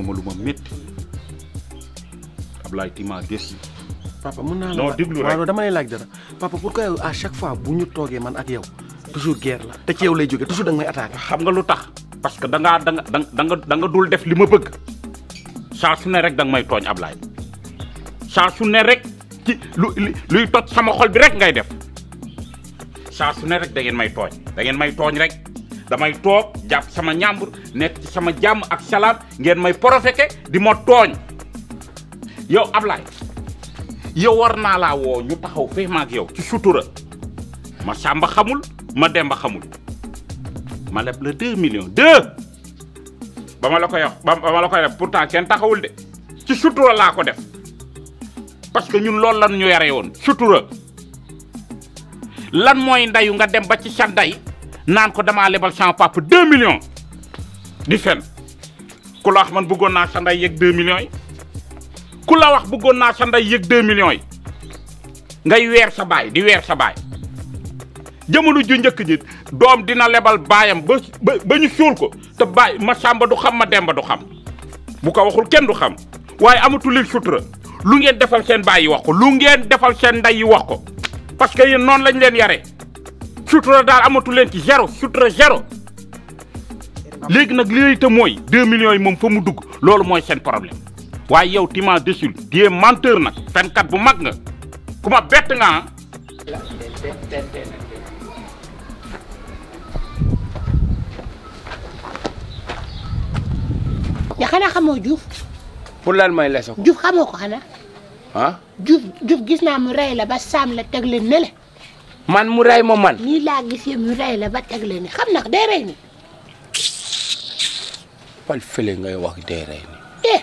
nga ma lu ma métti Ablaye Tima déçu. papa mën naa la non déglu rek waaw dama laaj dara papa pourquoi yow à chaque fois bu ñu toogee man ak yow toujours guerre la te ci yow lay jógee toujours da may attaqué. xam nga lu tax parce que danga ngaa da nga da nga da dul def li ma bëgg saa su ne rek danga may tooñ Ablaye saa su ne rek ci lu luy tot sama xol bi rek ngay def saa su ne rek da may tooñ da may tooñ rek damay toog jàpp sama ñàmbur nek ci sama jàmm ak salaam ngeen may profété di mo togn yow ablay yow warna la wo ñu taxaw fe ma ak yow ci sutura ma samba xamul ma demba xamul ma lepp le 2 millions 2 bama la koy wax ba la koy def pourtant kenn taxawul de ci sutura la ko def parce que ñun lool lan ñu yare won sutura lan moy ndayu nga dem ba ci sa nan ko dama lebal champ pap 2 millions di fen ku la wax man bëggoon naa sa nday yëg 2 millions yi ku la wax bëggoon naa sa nday yëg 2 millions yi ngay weer sa baay di weer sa baay jamono ju njëkk ji doom dina lebal baayam ba ba ñu suul ko te baay ma sàmba du xam ma demba du xam bu ko waxul kenn du xam waaye amatu lil sutura lu ngeen defal seen baay yi wax ko lu ngeen defal seen nday yi wax ko parce que yéen noonu lañ leen yare sutura daal amatu leen ci zéro sutura zéro léegi nag li te mooy deux millions yi moom fa mu dugg loolu mooy seen problème waaye yow tu m'as déçu tu es nag fenkat bu mag nga ku ma bett nga ah. ya xanaa xamoo Diouf. pour lan may lese ko. Diouf xamoo ko xanaa. ah. Diouf gis naa mu rey la ba saam la teg la ne man mu rey moom man. nii laa gisee mu rey la ba teg la ne xam na day rey ni jàppal fële ngay wax dee rey ni eh,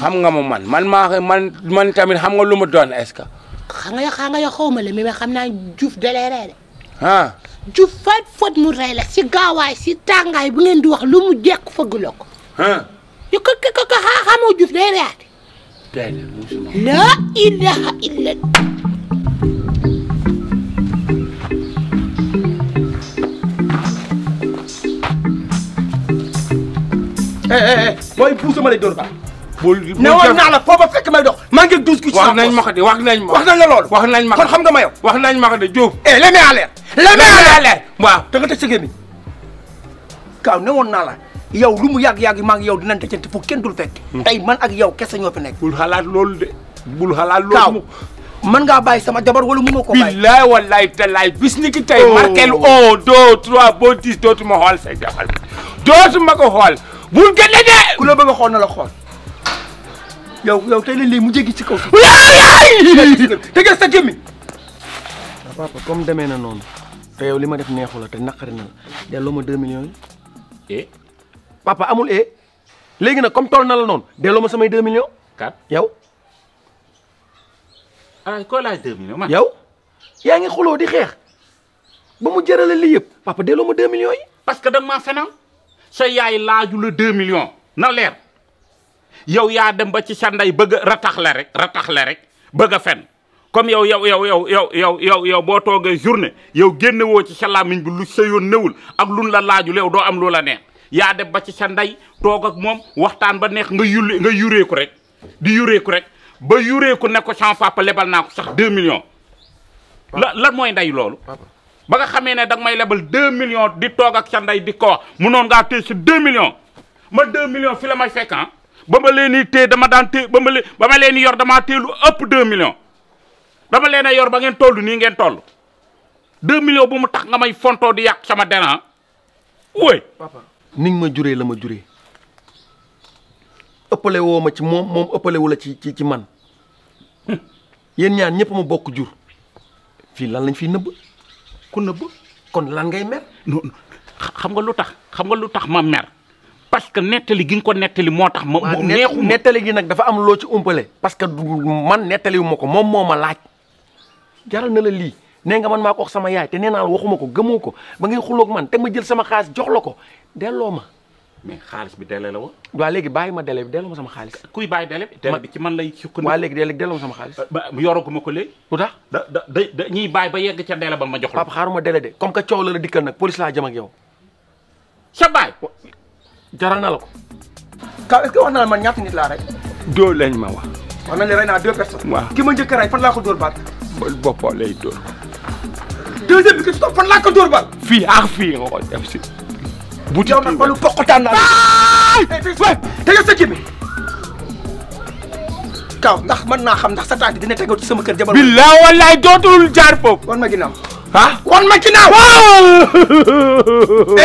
xam nga ma man man maa man man tamit xam nga lu ma doon est-ce que. xam nga ya xam nga xaw ma la mais xam naa Diouf da lay rey de. Ah. fot mu rey la si gaawaay si tàngaay bu ngeen di wax lu mu jekk fëggloo ko. ah. yu ko ko ko xamoo Diouf day reyaate. day la. la ilaha Eh, eh, eh, booy puus ma lay dóor ba bul bul ne woon naa la may dox. maa ngi douze ku ci wax ma ko de wax nañ ma wax nañ la loolu. wax nañ ma kon xam nga ma yow. wax nañ ma ko de la mais à l'air. la mais à l'air sa gémmiñ kaaw ne woon naa la yow lu mu yàgg-yàgg maa yow dinañ dajante fu kenn dul fekk. Hmm. tey man ak yow kese ñoo fi nekk. bul xalaat loolu de bul xalaat loolu. man ngaa bàyyi sama jabar wala mënoo ko bàyyi. billaay wallaay talaay bis ni ki tey. Oh. marqué oh, un bul génne de. ku la bëgg kau. xool na la xool. yow yow tey lañ lay mu jéggi ci kaw. yaay sa papa comme demee na noonu te yow li def neexu la te na la 2 millions papa amul eh léegi nag comme toll na la non delloo samay 2 millions. 4 yow. ah koo laaj 2 millions man. yow yaa ngi di xeex ba papa delloo 2 millions yi. parce que sa yaay laaju la deux millions na leer yow yaa dem ba ci sa ndey bëgg a rek rataxle rek bëgg a fen comme yow yow yow yow yow yow yow yow boo toogee journée yow génnewoo ci sa làmmiñ bi lu sa yoon newul ak luñ la laajul yow doo am lu la neex yaa dem ba ci sa ndey toog ak moom waxtaan ba neex nga yulli nga yureeku rek di yureeku rek ba yureeku ne ko sans papa lebal naa ko sax deux million la lan mooy ndey loolu. ba nga xamé né dag may label 2 millions di tok ak sa di ko mënon nga té ci 2 millions ma 2 millions fi la may fekk han ah. ba ma leen dama dan té ba ma leen ba ma yor dama té lu ëpp 2 millions dama léna yor ba ngeen tollu ni ngeen toll 2 millions bu mu tax nga may fonto di yak sama dena ah. woy papa niñ ma juré la ma juré ëppalé wo ma ci mom mom ëppalé wu la ci ci ci man yeen ñaan ñëpp ma bokk jur fi lan lañ fi neub ku nëbb kon lan ngay mer. non xam nga lu tax xam nga lu tax ma mer parce que nettali gi nga ko nettali moo tax. ma neexu nettali gi nag dafa am loo ci umpale. parce que man nettaliwu ma ko moom moo ma laaj jaral na la lii. nee nga man maa ko sama yaay te nee naa la waxuma ko gëmoo ko ba ngay xuloog man te ma jël sama xaalis jox la ko delloo ma. mais xaalis bi délai la woon. waaw léegi bàyyi ma ma sama xaalis. kuy bayi délai bi délai bi ci man lay. sukkandiku ma sama xaalis. ba yoraguma ko léegi. udah da da da ñuy bàyyi ba yegg ca délai ba ma jox la. papa xaaruma délai de comme que coow la la dikkal nag police laa jëm ak yow. sa baay. jaral na la ko. kaw est-ce que wax na la man ñaata nit laa rek. dóor lañ ma wax. wax nañ la rey deux personnes. waaw ki ma njëkk a fan ko lay deuxième fan ko ak nga ko def bu yow nag balu poqotaan naa la. Eh, te yow sa jibi kaw ndax mën naa xam ndax sa tànk dina tegoo ci sama kër jabar. billaay wallaay jaar foofu. wan ma ginnaaw. ah wan ma ginnaaw. waaw.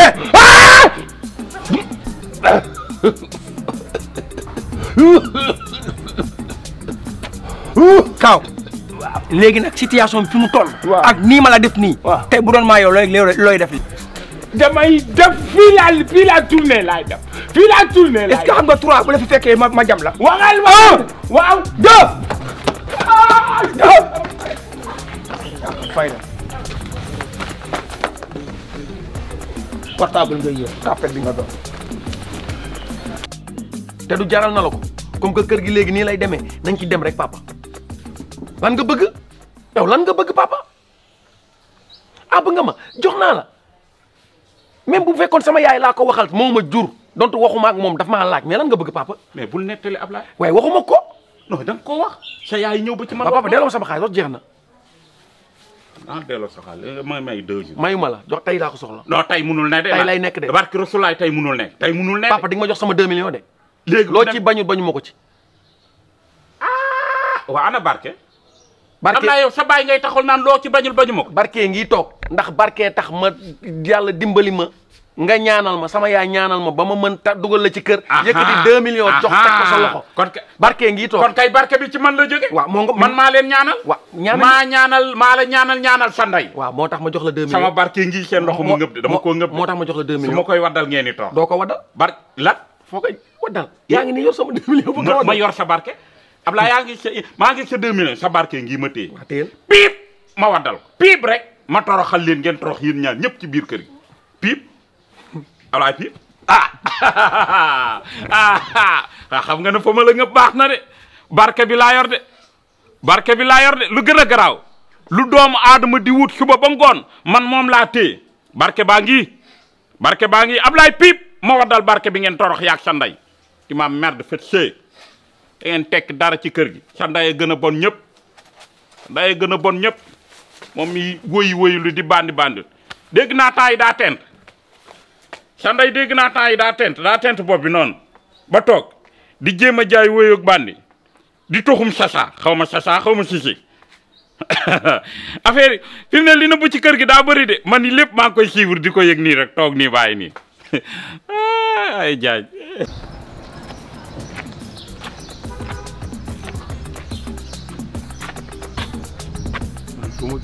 eh. Kaaw léegi nag situation fi mu toll. ak nii ma la def nii. tey bu doon maa yow looy looy def li damay def fii laa fii laa tourné laay def fii laa tourné est-ce que xam nga trois bu la fi fekkee ma ma jam la. waxal ma waaw deux. Ah! fay na portable nga yéex tapet bi nga doon. te jaral na comme que gi lay ci dem rek papa lan nga bëgg yow lan nga bëgg papa ab ah, nga ma jox la même bu fekkoon sama yaay la ko waxal moma jur donte waxuma ak mom daf ma laaj mais lan nga bëgg papa. mais bu nettali Ablaye. way waxuma ko. non dang ko wax. sa yaay ñew ba ci ma papa delo sama xaal wax jeex na. ah delloo sa xaal eh, may may deux jours. mayuma la jox tay la ko soxla. non tay mënul ne de. tay lay nekk de barki rasulallah tay mënul ne. tay mënul ne papa di nga jox sama 2 millions de. léegi lo ci bañu bañu mako ci ah wa ana barke. barke am naa yow sa bay ngay taxul nan lo ci bañul bañu mako barke ngi tok ndax barke tax ma yalla dimbali ma nga ñaanal ma sama yaay ñaanal ma bama ma mën ta duggal la ci kër. yëkëti 2 millions jox tak ko sa loxo. kon barké ngi tok kon kay barké bi ci man la jëgé wa mo nga man ma leen ñaanal. wa ñaanal ma ñaanal ma la ñaanal ñaanal sa nday wa motax ma jox la 2 millions sama barké ngi seen loxo mu ngëb dama ko ngëb. motax ma jox la 2 millions suma koy wadal ngeen ni tok do ko wadal bar la fo koy wadal ya ngi ni yor sama 2 millions bu ko ma yor sa barké abla ya ngi sa maa ngi sa 2 millions sa barké ngi ma téel pip ma wadal pip rek ma toroxal leen ngeen torox yeen ñaan ñëpp ci biir kër pip Ablaye Pire ah! Ah, ah! ah xam nga ne fa ma nga baax na de barke bi laa yor de barke bi laa yor de lu gën a garaaw lu doomu aadama di wut suba ba ngoon man moom laa téye barke baa ngi barke baa ngi Ablaye Pire ma waddal barke bi ngeen torox yaag sa ndey ci ma merde fet see da ngeen tekk dara ci kër gi sa ndey gën a bon ñëpp ndey gën a bon ñëpp moom mi wóoyi wóoyi lu di bandi bandi dégg naa taay daa tent sanday deg na tay daten tent da tent bopp bi ba tok di jema jay bandi di tokhum sasa xawma sasa xawma sisi affaire fi ne li na bu ci kër gi da bëri de man ni lépp koy suivre di yek ni rek tok ni bay ni ay jaaj du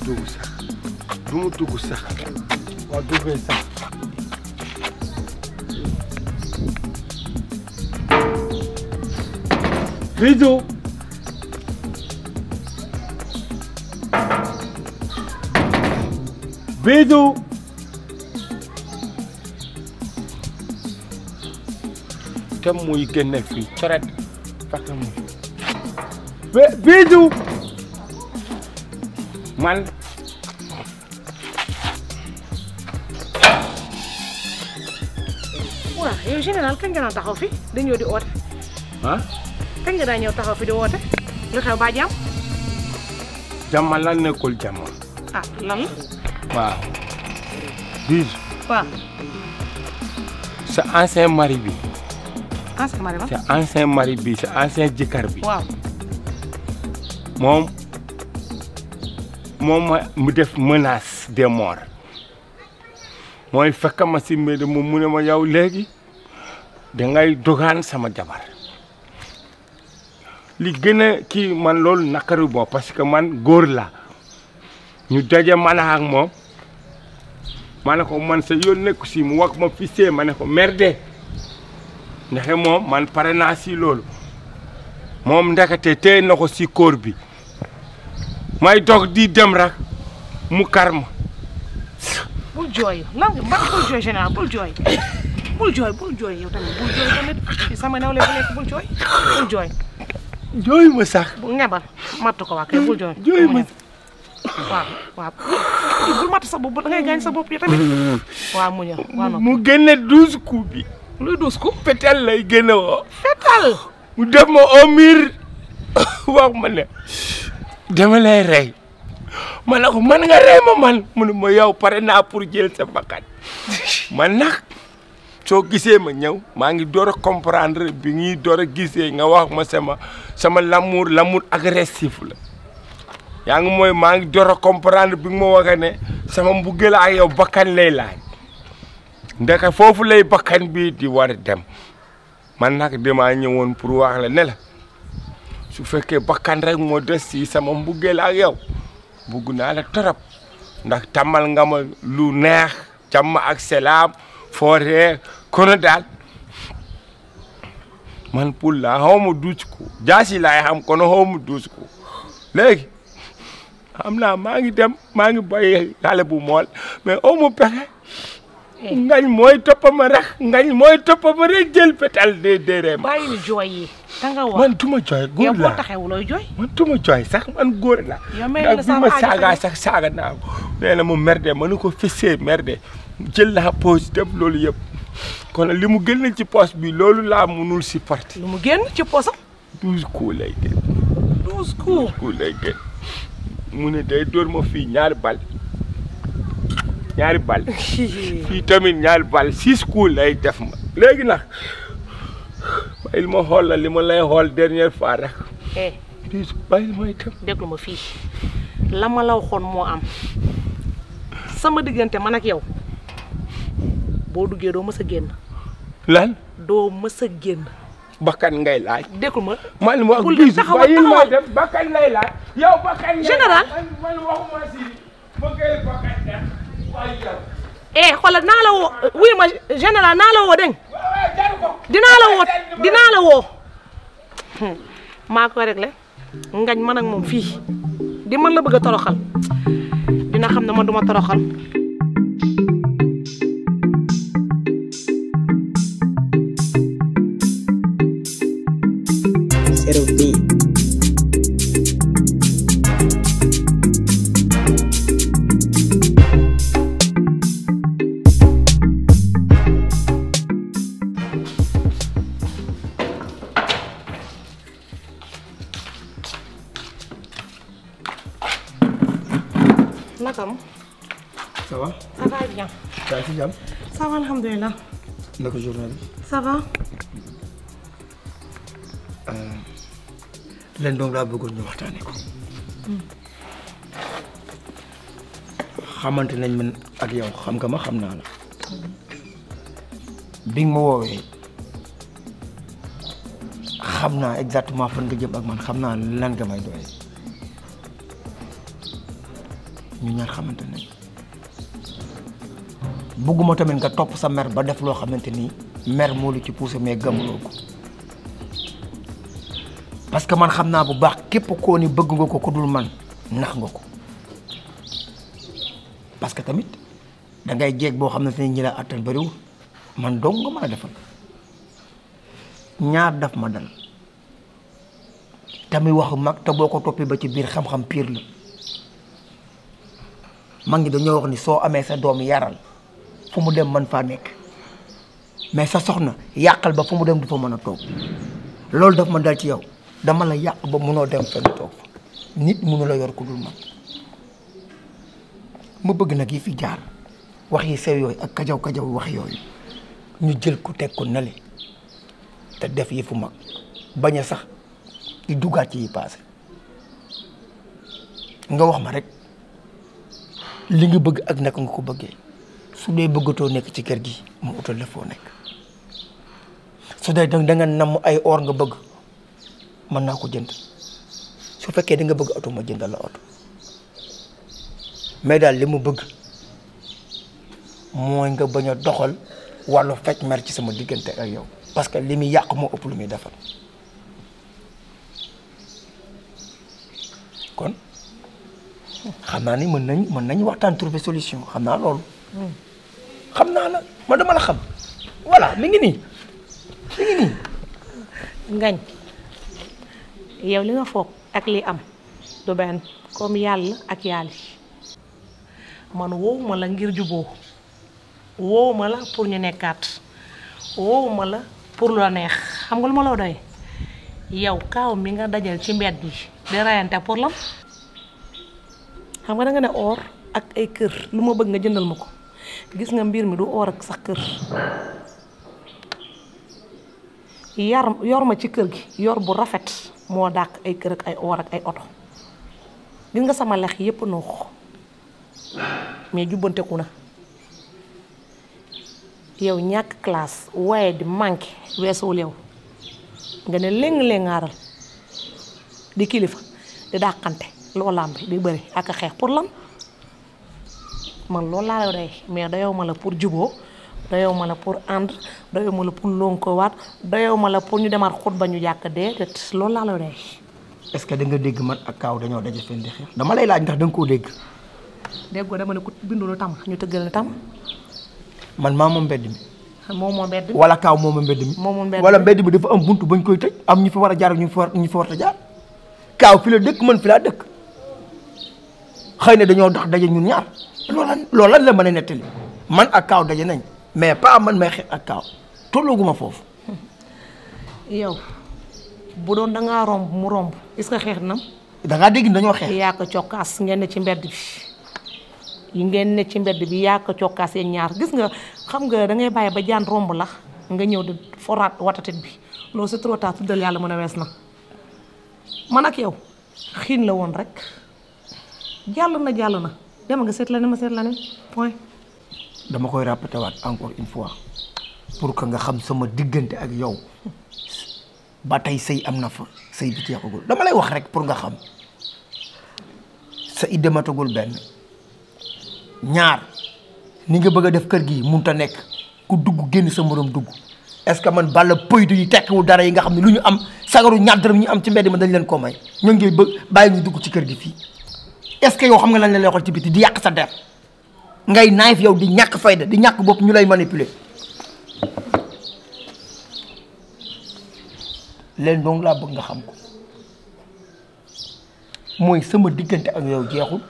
dugg sax dugg sax فيدو فيدو كم ويجن في ترد فكم فيدو من général kan nga daan taxaw fi dañu di wote ha kan nga da ñëw taxaw fi di wote lu xew ba jam jàmm la nekul jam ah lan wa dis wa sa ancien mari bi. ancien ah, mari ba. sa ancien mari bi sa ancien jikar bi. waaw. mom moom mu def menace de mort moy fekk ma si mbir mu mu ne ma yow léegi. dangay dogaan sama jabar li gën a man loolu naqaru bo parce que man góor la ñu daje man ak moom ma ne ko man sa yoon nekku si mu wax ma fii ma ne ko merde ndaxe moom man pare naa si loolu moom ndekete tey na ko si kóor bi may dog di dem rak mu kar ma bul jooy lan bul jooy bul jooy bul jooy yow tamit bul jooy tamit sama nawle bu bul jooy jooy. ma sax. bu ngebal matt bul jooy. jooy ma waaw waaw bul matt sa bopp da ngay gaañ sa bopp yi tamit. waaw mu ñëw waaw mu génne douze coups woo. fetal. mu def ma au mur ma ne man nga ma man mu ma yow pare naa pour jël sa bakkan man so gisee ma ñew maa ngi door a comprendre bi ngi door a nga wax ma sama sama l'amour l'amour agressif la yaa ngi mooy maa ngi door a comprendre bi ma waxee sama mbugge la ak yow bakkan lay laaj ndaka foofu lay bakkan bi di war dem man nag damaa ñëwoon pour wax la ne la su fekkee bakkan rek moo des si sama mbugge la ak yow bugg naa la torop ndax tamal nga ma lu neex jàmm ak foore kono dal man pulla hawmo duucku jaasila e ham kono hawmo duusku léegi xam naa maa ngi dem maa ngi bay xale bu mool mais awma pexe eh. ngañ mooy toppama rek ngañ mooy toppama ma jël pétal de déreem bàyyil jooy yi da nga wax man tuma jooy góor la yow taxewuloo jooy man tuma jooy sax man góor la ndax bi ma saaga sax saaga naa ko nee na mu merde mënu ko fessee merde jël la poche def loolu yëpp kon li mu génn ci poche bi loolu laa mënul supporter. lu mu génn ci poche am. douze coups lay génn. douze coups douze coups lay ne day dóor ma fii ñaari bal ñaari bal fii tamit ñaari bal six coups lay def ma léegi nag bàyyil ma xool la li ma lay xool dernière fois rek. eh dix bàyyil may dem. déglu ma fii la ma la waxoon moo am sama diggante man ak yow. bo duggé do mësa a génn lan do mësa a génn bakkan ngay laaj déglu ma mal man wax gis bàyyil ma dem bakkan lay laaj yow bakkan général man waxuma si ma koy bakkan da e, waye eh xolal na la wo wuy ma général na la wo deng dina la wo dina la wo mako ko réglé ngañ man ak mom fi di man la bëgg toroxal dina xam ne man duma toroxal bien Ça va, alhamdulillah. D'accord, journaliste. Ça va leen doom laa bëggoon ñu waxtaane ko xamante nañ man ak yow xam nga ma xam naa la bi nga ma woowee xam naa exactement fan nga jëm ak man xam naa lan nga may doyee ñu ñaar xamante nañ buguma tamen nga top sa mer ba def lo xamanteni mer mo lu ci pousser mais gëmuloo ko parce que man xamna bu baax kep ko ni bëgg nga ko ku dul man nax nga ko parce que tamit da ngay jeeg bo xam ne te ñi la attan bëriwul man dong nga mën defal ñaar daf ma dal tamit waxu mak ta boko topi ba ci bir xam-xam pire la mangi wax ni so amé sa doomi yaral fu mu dem man fa nek mais sa soxna yakal ba fu mu dem du fa meuna tok lol daf man dal ci yow dama la yak ba meuno dem fa tok nit meuno la yor kudul dul man ma bëgg nak yi fi jaar wax yi sew yoy ak kajaw kajaw wax yoy ñu jël ku tek ko nalé te def yi fu mag baña sax di duga ci yi passé nga wax ma rek li nga bëgg ak nak nga ko bëggee su dee bëggatoo nek ci kër gi mu auto la fo nek su dee dang nga namm ay or nga bëgg man na ko jënd su fekke da nga bëgg auto ma jëndal la auto mais dal limu bëgg moy nga baña doxal walu fecc mer ci sama digënté ak yow parce que limi yaq mo ëpp lu mi defal kon xamna ni mën nañ mën nañ waxtan trouver solution xamna naa xam naa la ma dama la xam voilà mi ngi nii mi ngi nii. ngañ yow li nga foog ak li am du benn comme yàlla ak yàlla man wowuma la ngir juboo wowuma la pour ñu nekkaat wowuma la pour lu la neex xam nga lu ma doy yow kaaw mi nga dajal ci mbedd yi di rayante pour lam xam nga da nga ne or ak ay kër lu ma bëgg nga jëndal ma gis nga mbir mi du or ak sa kër yar yor ma ci kër gi yor bu rafet mo dak ay kër ak ay or ak ay auto gis nga sama lex yépp noox mais jubbanteku na yow ñak class way di manke weesuwul lew nga ne leng léngaaral di kilifa di dakante, loo làmb di bëri ak xex pour lan man loolu laa lay mais dayoo ma la pour juboo dayoo ma la pour ànd dayoo ma la pour lonkowaat dayoo ma la pour ñu demaat xut ba ñu yàq déedéet loolu laa lay est ce que da nga dégg man ak kaaw dañoo daje fenn xeex dama lay laaj ndax danga nga koo dégg. déggoo dama ne ku bindulu tam ñu tëgg na tam. man maa moom mbedd mi. moom moo wala kaaw moom mbedd mi. moom mbedd mi wala mbedd mi dafa am buntu bañ koy tëj am ñu fa war a jaar ñu fa war ñu fa war a jaar. kaaw fi la dëkk man fi laa dëkk na dañoo dox daje ñun ñaar. lolan la mané a man ak kaaw daje nañ mais pas man may xeex ak kaaw tollooguma yow bu doon da romb mu romb est-ce xex nam da nga dégg dañu xex ya ko cokkaas ngén ne ci mbéd bi yi ngén né ci mbéd bi ya ko cokkaas yeen ñaar gis nga xam nga da ngay baye ba jaan romb la nga ñëw de forat bi lo c'est trop tard tuddal yalla mëna wess na man ak yow xin la won rek jàll na na dama nga set la ne ma la ne point dama koy répété wat encore une fois pour que nga xam sama diggante ak yow batay sey amna am fa sey bi jeexagul dama lay wax rek pour nga xam sa idée ben benn ñaar ni nga bëgg def kër gi ta nek ku dugg genn sa morom dugg est ce que man balla pëydu yi tekkiwul dara yi nga xam am sagaru ñaar dërëm ñu am ci mbedd ma dañ leen ko may ñu ngi bay ñu dugg ci kër gi fi est-ce que yow xam nga lan la lay waxal ci biti di yàq sa der ngay naayif yow di ñàkk fayda di ñàkk bopp ñu lay manipuler leen doom laa bëgg nga xam ko mooy sama diggante ak yow jeexul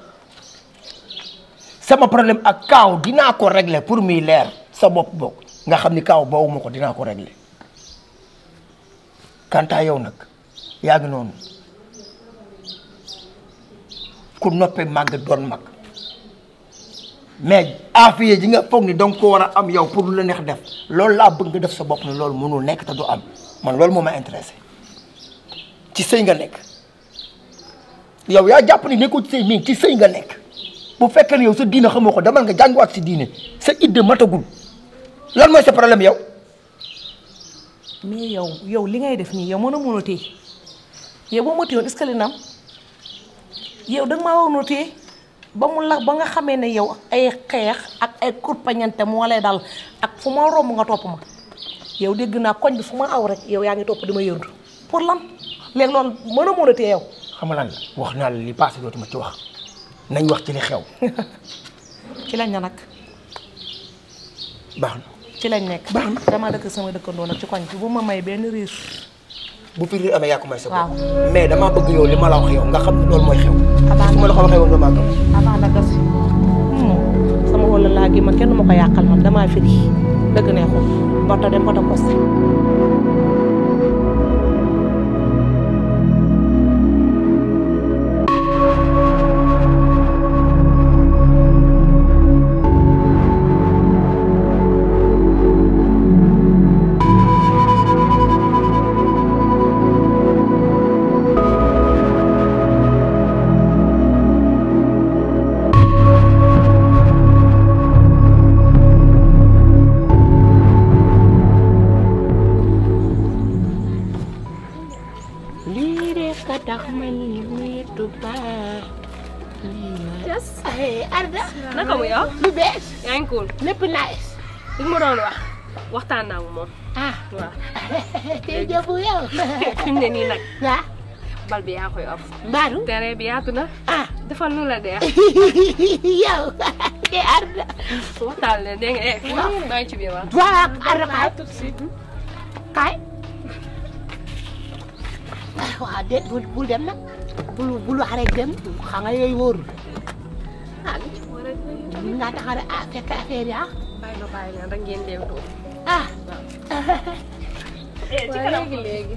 sama problème ak kaaw dinaa ko régler pour muy leer sa bopp bokk nga xam ni kaaw boobu ma ko dinaa ko régler quant yow nag yaa ngi noonu ku noppee màgg doon mag mais aafiya ji nga foog ni danga ko war a am yow pour lu la neex def lool laa bëgg nga def sa bopp ne loolu mënul nekk te du am man loolu moo ma intéressé ci sëy nga nekk yow yaa jàpp ni nekkoo ci sëy mi ci sëy nga nekk bu fekkee ne yow sa diine xamoo ko demal nga jànguwaat si diine sa idée matagul lan mooy sa problème yow. mais yow yow li ngay def nii yow mën a mënatee yow boo mënatee woon est-ce que na am yow da ma maa waroon téye ba mu la ba nga xamé né yow ay xeex ak ay kurpañante mo lay dal ak fuma rom nga top ma yow deg na koñ bi fuma aw rek yow yaangi top dima di yëndu pour lan lék lool mën a mën a téye yow. xam lan la wax na li passé dootuma ci wax nañ wax ci li xew. ci lañ na nag. baax na ci lañ nek baax na dama dëkk sama dëkkandoo nak ci koñ bi bu ma may ben riir. bu fi amee yaa ko may sa bopp mais dama bëgg yow li ma la wax yow nga xam ne loolu mooy xew su ma a ko waxee si hmm. sama wala laa gi ma kenn ma ko yàqal man damaa firi ne neexul bota dem bota poste jóge nii nag. Ya. bal bi yaa koy of. mbaaru terrain bi yaatu na. ah defal lu la dee. yow de arda. waxtaan la dégg nga eh. waaw eh, maa ngi ci biir waaw. voilà arda kaay. kaay. waaw de bul dem nak bul bul wax rek dem. xam nga yooyu wóorul. ah li ci war a déglu. mën naa tax a ah fekk affaire yi ah. bàyyi rek ngeen déglu. ah. Eh, waaw léegi léegi.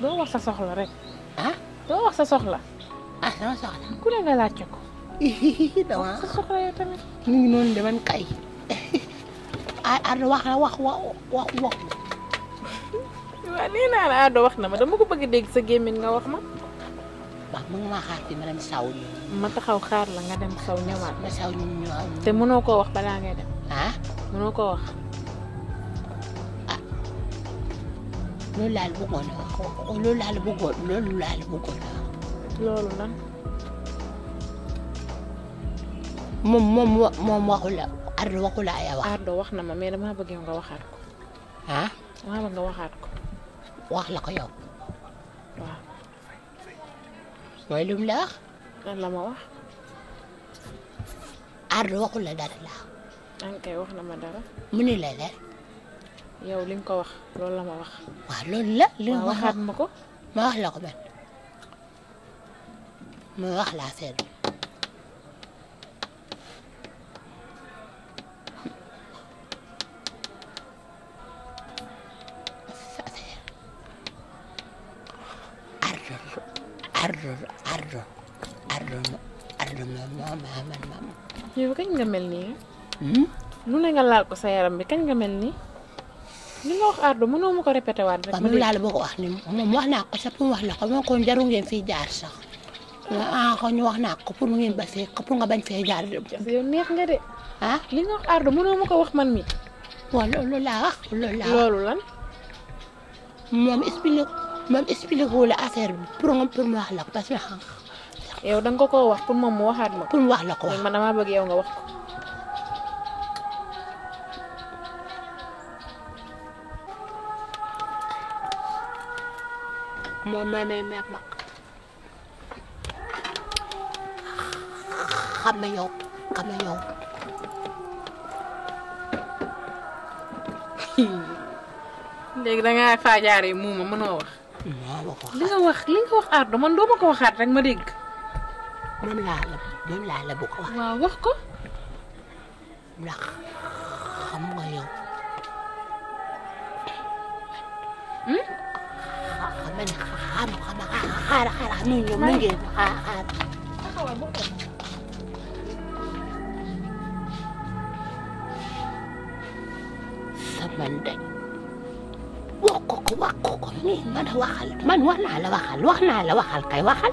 do wax sa soxla rek. ah do wax sa soxla. ah sama soxla. ku ne nga laajte ko. dama sa soxla yow tamit. ni ngi non de man kay. ar wax na wax wax wax wa waaw nee naa la do wax na ma dama ko bëgg dégg sa gémmiñ nga wax ma. ba mo ngi xaar ci ma saw ni ma taxaw xaar la nga dem saw ñewat ma saw ñu ñu te mëno ko wax balaa ngay dem. ah mëno ko wax. loolu laal bëggoon a wax loolu laal bëggoon loolu laal bëggoon a wax. loolu lan. moom moom moom waxu la Ardo waxu laa yaa wax. Ardo wax na ma mais damaa bëgg nga waxaat ko. ah. damaa bëgg nga waxaat ko. wax la ko yow. waaw. mooy lu mu la wax. lan la ma wax. Ardo waxu la dara laa. an kay wax na ma dara. mu ne la dara. yow li ko wax loolu la ma wax. waaw loolu la li ma waxaat ma ko. ma wax la ko ardo ardo ardo ardo moom maa man ma. yow kañ nga mel nii. Hmm? lu ne nga laal ko sa yaram bi kañ nga mel nii. li nga wax Ardo mënoo ma ko répété waat rek. moom laa la bëgg a wax ni moom wax naa ko mu wax la ko moom kon jarul ngeen fiy jaar sax ah ñu wax naa ko pour ngeen ba fee pour nga bañ fee jaar. yow neex nga de. Ah? li nga wax Ardo ma ko wax man mi waaw loolu laa wax loolu laa wax loolu lan. moom expliqué affaire bi pour nga pour mu wax la ko parce que. Ah. yow da nga ko koo wax pour moom mu waxaat ma. pour wax la ko wax man damaa bëgg wax ko. moom may may may mag xam na yow xam na yow léegi da ngaa faajaaree muuma mënoo wax. li nga wax li nga wax Ardo man doo ma ko waxaat rek ma dégg. moom laa la moom laa la waaw wax ko. قاعد قاعد من يوم من جد قاعد قاعد سمندك وقوق وقوق مين من هو خل من وانا على وخل وانا على وخل كي وخل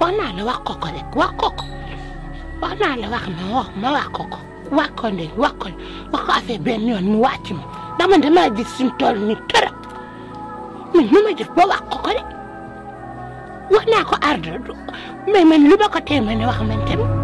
وانا على وقوق لك وقوق وانا على وخل ما ما وقوق وقوق وقوق وقف بيني ومواتم لما ما دي سمتول من ترى من ما دي بوقوق لك wax naa ko arde mais man lu ma ko téeméer wax man tamit